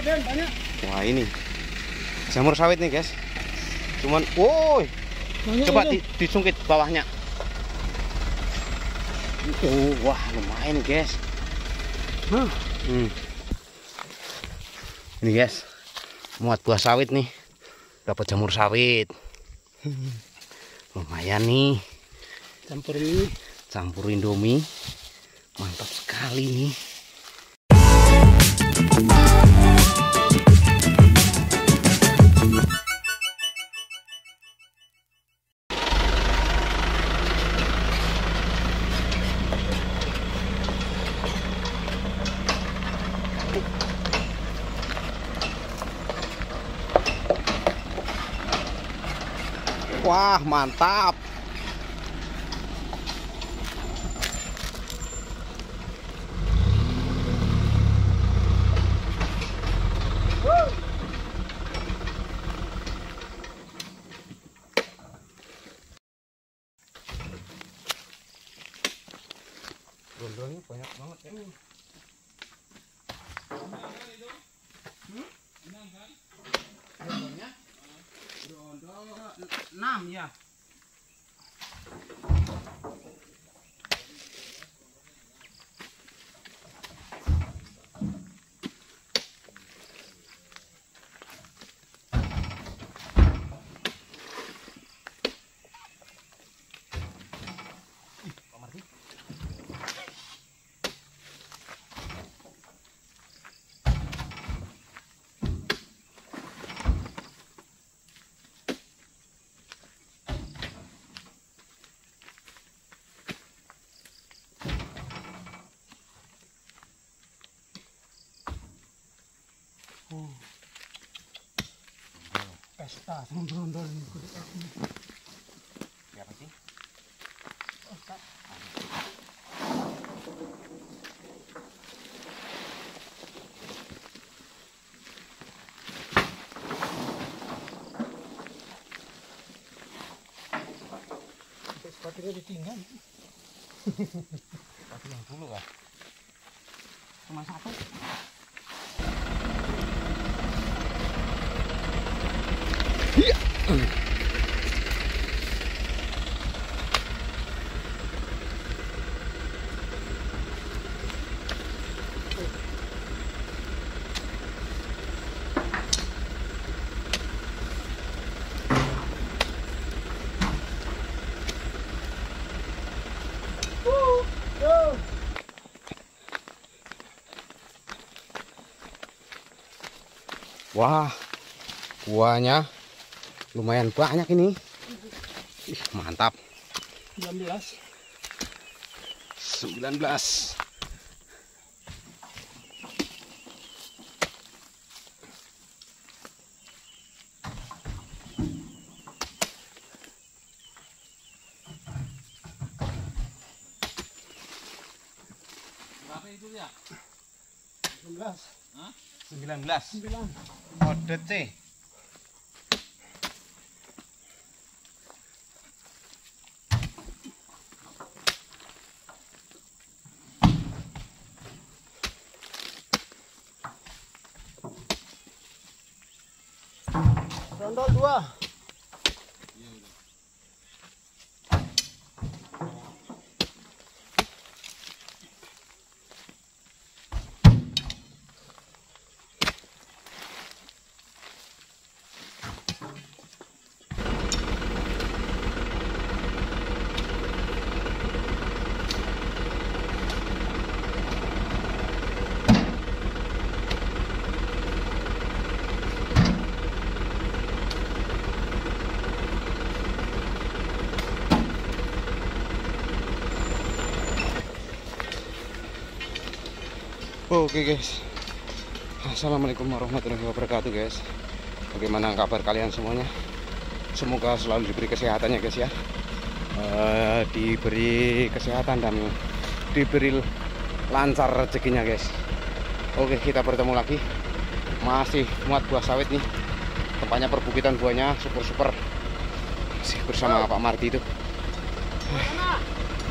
Den, banyak. Wah, ini. Jamur sawit nih, guys. Cuman, woi. Coba di, disungkit bawahnya. Oh, wah, lumayan, guys. Huh. Hmm. Ini, guys. Muat buah sawit nih. Dapat jamur sawit. lumayan nih. Campur ini. Campur Indomie. Mantap sekali nih. Wah, mantap. Woo! 맛있다. 돈돈 돌리는 거. 야, 봤지? Sepatunya ditinggal. Sepatu yang dulu kah? Cuma satu. 와, 뭐하냐? lumayan banyak ini Ih, mantap 19 19 Berapa itu 19 ya? 19 Dondol dua. Oke guys Assalamualaikum warahmatullahi wabarakatuh guys Bagaimana kabar kalian semuanya Semoga selalu diberi kesehatannya guys ya e, Diberi kesehatan dan Diberi lancar rezekinya guys Oke kita bertemu lagi Masih muat buah sawit nih Tempatnya perbukitan buahnya Super-super Masih bersama Pak Marti itu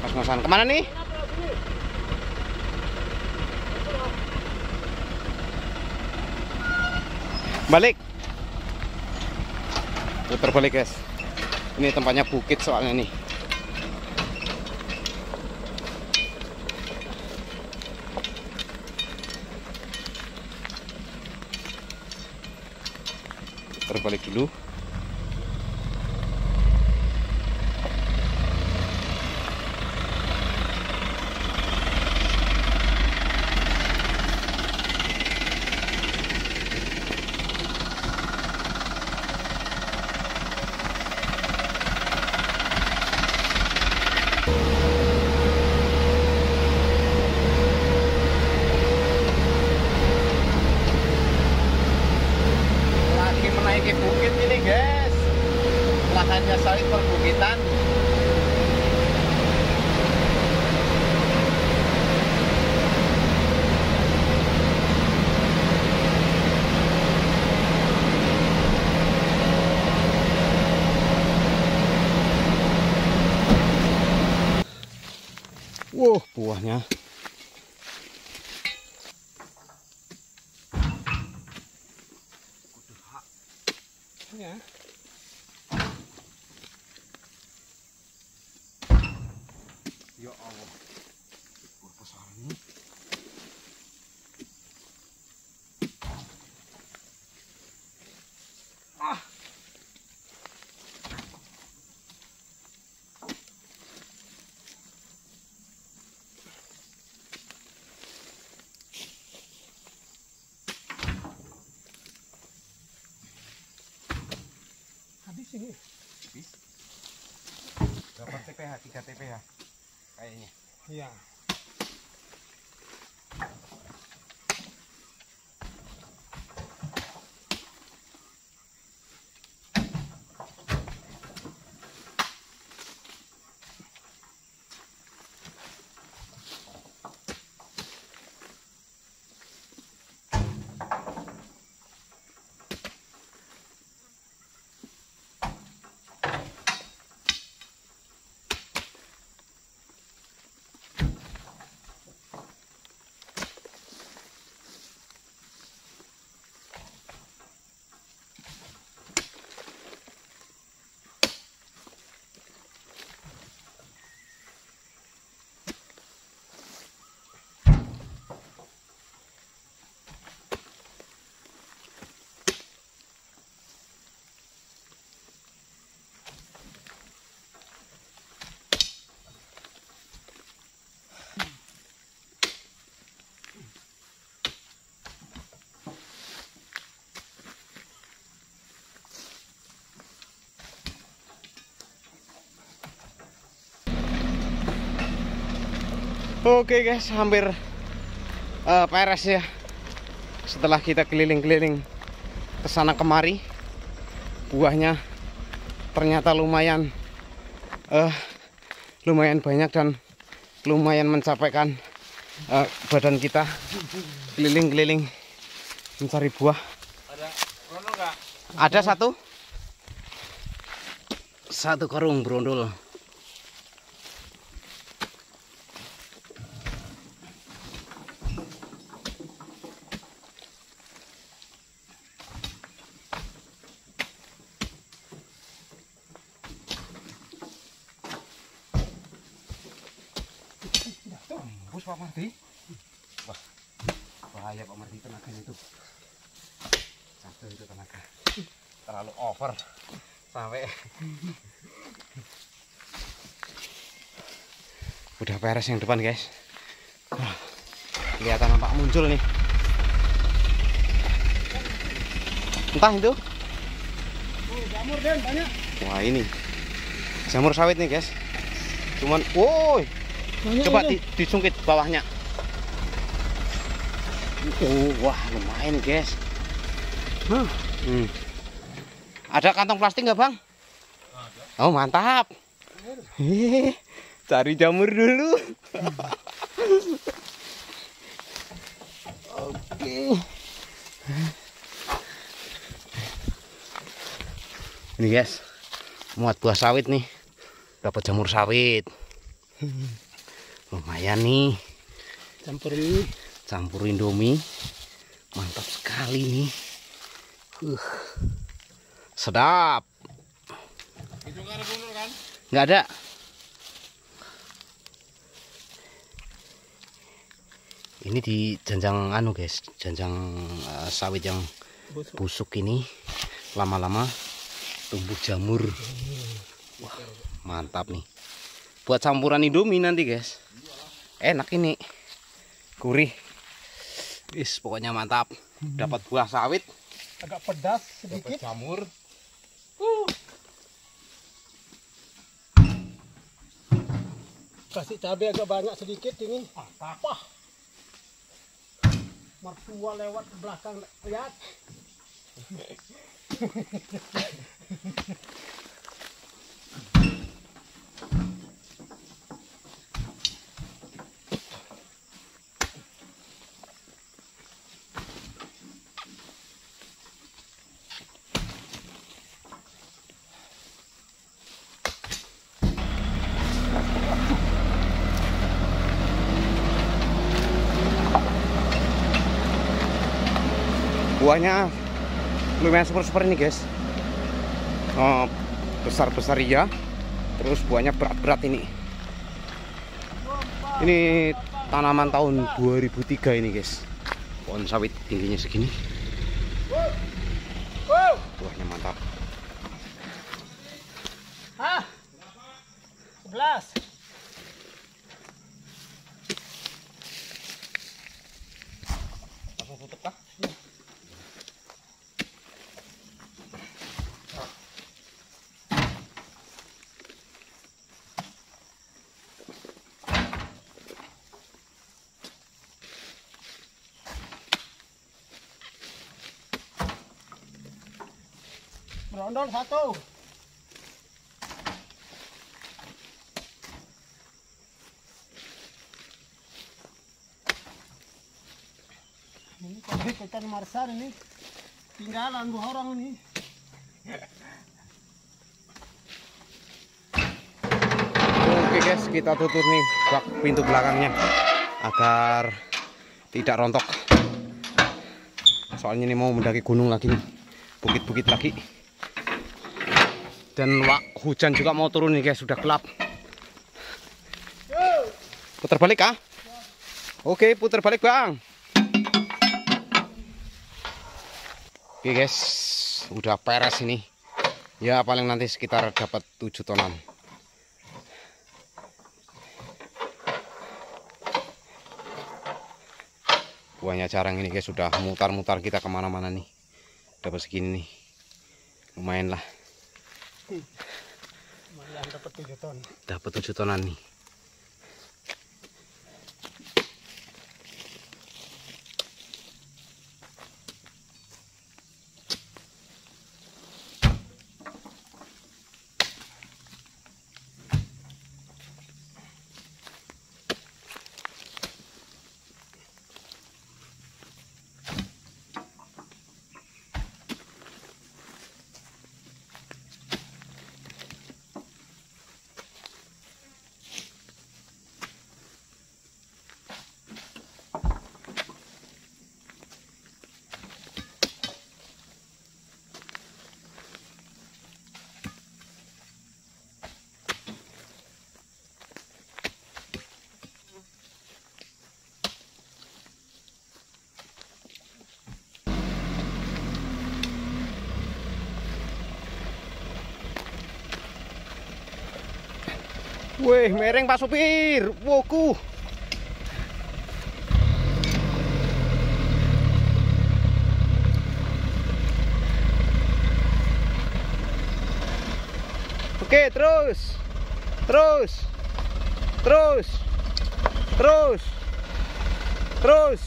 Mas-masan kemana nih? balik putar balik guys ini tempatnya bukit soalnya nih terbalik dulu ini guys lahannya sawit perbukitan Wow, buahnya Yeah. tipis ini tipis berapa TPH 3 TPH kayaknya iya Oke okay guys, hampir uh, peres ya. Setelah kita keliling-keliling ke sana kemari, buahnya ternyata lumayan uh, lumayan banyak dan lumayan mencapaikan uh, badan kita keliling-keliling mencari buah. Ada Ada satu. Satu karung brondol. bagus Pak Mardi. Wah, bahaya Pak Mardi tenaganya itu. Satu itu tenaga. Terlalu over. Sampai udah peres yang depan guys Wah, kelihatan nampak muncul nih entah itu jamur den banyak wah ini jamur sawit nih guys cuman woi banyak Coba di, disungkit bawahnya. Oh, wah lumayan guys. Huh. Hmm. Ada kantong plastik nggak bang? Ada. Oh mantap. Cari jamur dulu. Oke. Ini guys, muat buah sawit nih. Dapat jamur sawit. Hmm lumayan nih campur ini campur mantap sekali nih uh, sedap ada ini di janjang anu guys janjang uh, eh, sawit yang busuk, busuk ini lama-lama tumbuh jamur hmm. wah mantap nih buat campuran indomie nanti guys enak ini gurih Is, pokoknya mantap hmm. dapat buah sawit agak pedas sedikit dapat jamur uh. kasih cabai agak banyak sedikit ini apa mertua lewat ke belakang lihat buahnya lumayan super-super ini guys oh, besar-besar uh, iya terus buahnya berat-berat ini ini tanaman tahun 2003 ini guys pohon sawit tingginya segini buahnya mantap ah 11 Berondol satu. Ini kita ikan marsar ini tinggalan dua orang nih. Oke guys, kita tutup nih bak pintu belakangnya agar tidak rontok. Soalnya ini mau mendaki gunung lagi nih, bukit-bukit lagi dan wak, hujan juga mau turun nih guys sudah gelap putar balik ah oke putar balik bang oke guys udah peres ini ya paling nanti sekitar dapat 7 tonan buahnya jarang ini guys sudah mutar-mutar kita kemana-mana nih dapat segini nih lumayan lah Malah dapat 7 ton. Dapat 7 tonan nih. Wih, mereng Pak Supir. Woku. Oke, terus. Terus. Terus. Terus. Terus.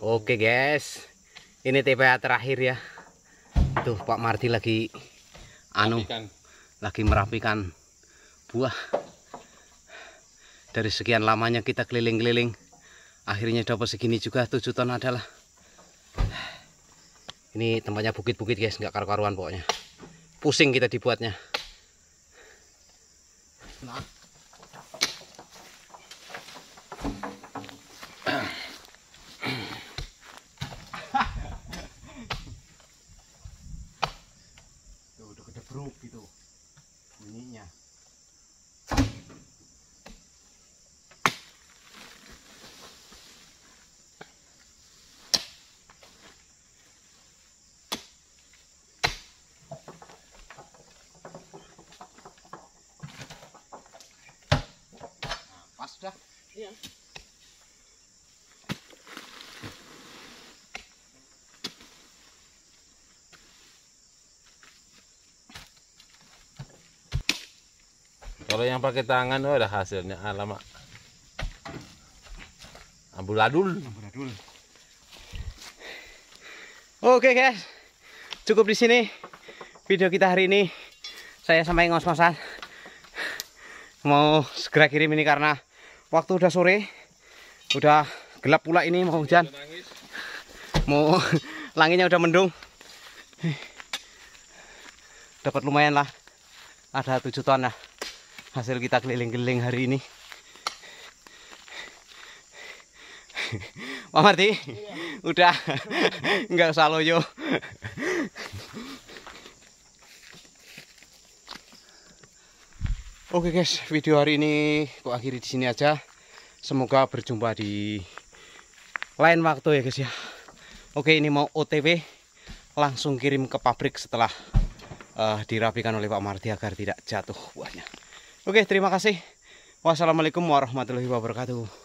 Oke, guys ini TPA terakhir ya tuh Pak Marti lagi anu merapikan. lagi merapikan buah dari sekian lamanya kita keliling-keliling akhirnya dapat segini juga tujuh ton adalah ini tempatnya bukit-bukit guys nggak karu-karuan pokoknya pusing kita dibuatnya nah. Iya. Kalau yang pakai tangan oh ada hasilnya alamak. Ambuladul. Ambuladul. Oke guys. Cukup di sini video kita hari ini. Saya sampai ngos-ngosan. Mau segera kirim ini karena waktu udah sore udah gelap pula ini mau hujan mau langitnya udah mendung dapat lumayan lah ada tujuh ton lah hasil kita keliling-keliling hari ini Pak Marti iya. udah nggak usah loyo Oke guys, video hari ini kok akhiri di sini aja. Semoga berjumpa di lain waktu ya guys ya. Oke, ini mau OTW langsung kirim ke pabrik setelah uh, dirapikan oleh Pak Marti agar tidak jatuh buahnya. Oke, terima kasih. Wassalamualaikum warahmatullahi wabarakatuh.